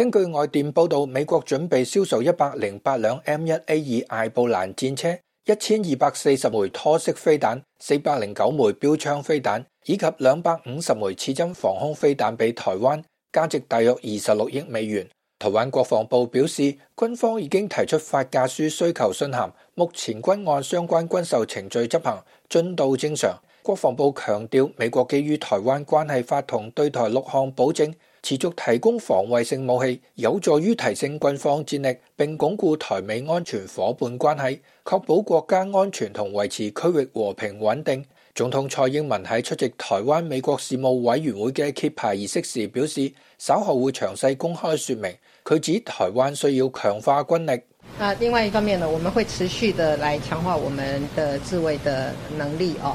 根據外電報道，美國準備銷售一百零八輛 M 一 A 二艾布蘭戰車、一千二百四十枚拖式飛彈、四百零九枚標槍飛彈以及兩百五十枚刺針防空飛彈俾台灣，價值大約二十六億美元。台灣國防部表示，軍方已經提出發價書需求信函，目前均按相關軍售程序執行，進度正常。國防部強調，美國基於台灣關係法同對台六項保證。持續提供防衛性武器，有助於提升軍方戰力，並鞏固台美安全夥伴關係，確保國家安全同維持區域和平穩定。總統蔡英文喺出席台灣美國事務委員會嘅揭牌儀式時表示，稍後會詳細公開說明。佢指台灣需要強化軍力。另外一方面呢，我們會持續的來強化我們的自衛的能力哦。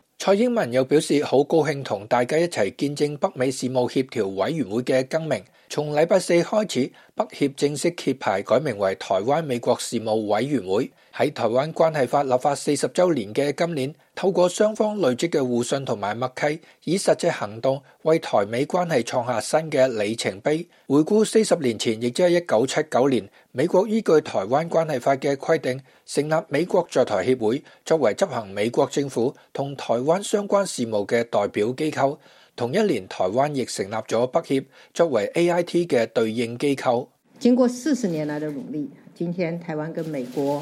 蔡英文又表示好高興同大家一齊見證北美事務協調委員會嘅更名，從禮拜四開始，北協正式揭牌改名為台灣美國事務委員會，喺台灣關係法立法四十周年嘅今年。透過雙方累積嘅互信同埋默契，以實際行動為台美關係創下新嘅里程碑。回顧四十年前，亦即係一九七九年，美國依據台灣關係法嘅規定，成立美國在台協會，作為執行美國政府同台灣相關事務嘅代表機構。同一年，台灣亦成立咗北協，作為 AIT 嘅對應機構。經過四十年來嘅努力，今天台灣跟美國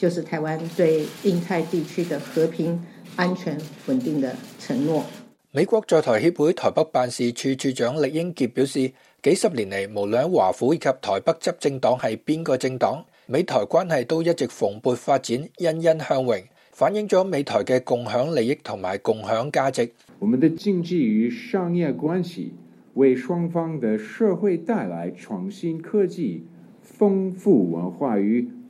就是台灣對印太地區的和平、安全、穩定的承諾。美國在台協會台北辦事處處長酈英傑表示，幾十年嚟，無論華府以及台北執政黨係邊個政黨，美台關係都一直蓬勃發展，欣欣向榮，反映咗美台嘅共享利益同埋共享價值。我們的經濟與商業關係為雙方的社會帶來創新科技、豐富文化與。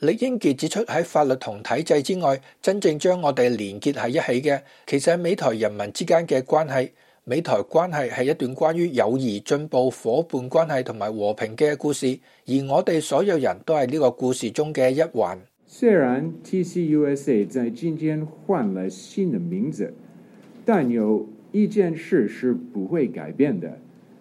李英傑指出，喺法律同體制之外，真正將我哋連結喺一起嘅，其實係美台人民之間嘅關係。美台關係係一段關於友誼、進步、夥伴關係同埋和平嘅故事，而我哋所有人都係呢個故事中嘅一環。雖然 TCUSA 在今天換了新的名字，但有一件事是不會改變的。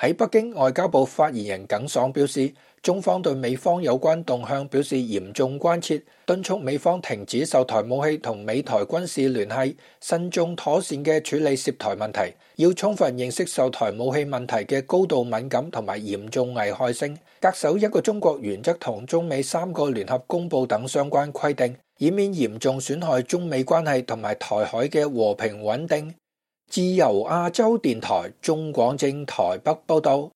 喺北京，外交部發言人耿爽表示，中方對美方有關動向表示嚴重關切，敦促美方停止售台武器同美台軍事聯繫，慎重妥善嘅處理涉台問題，要充分認識售台武器問題嘅高度敏感同埋嚴重危害性，恪守一個中國原則同中美三個聯合公報等相關規定，以免嚴重損害中美關係同埋台海嘅和平穩定。自由亞洲電台鍾廣政台北報道。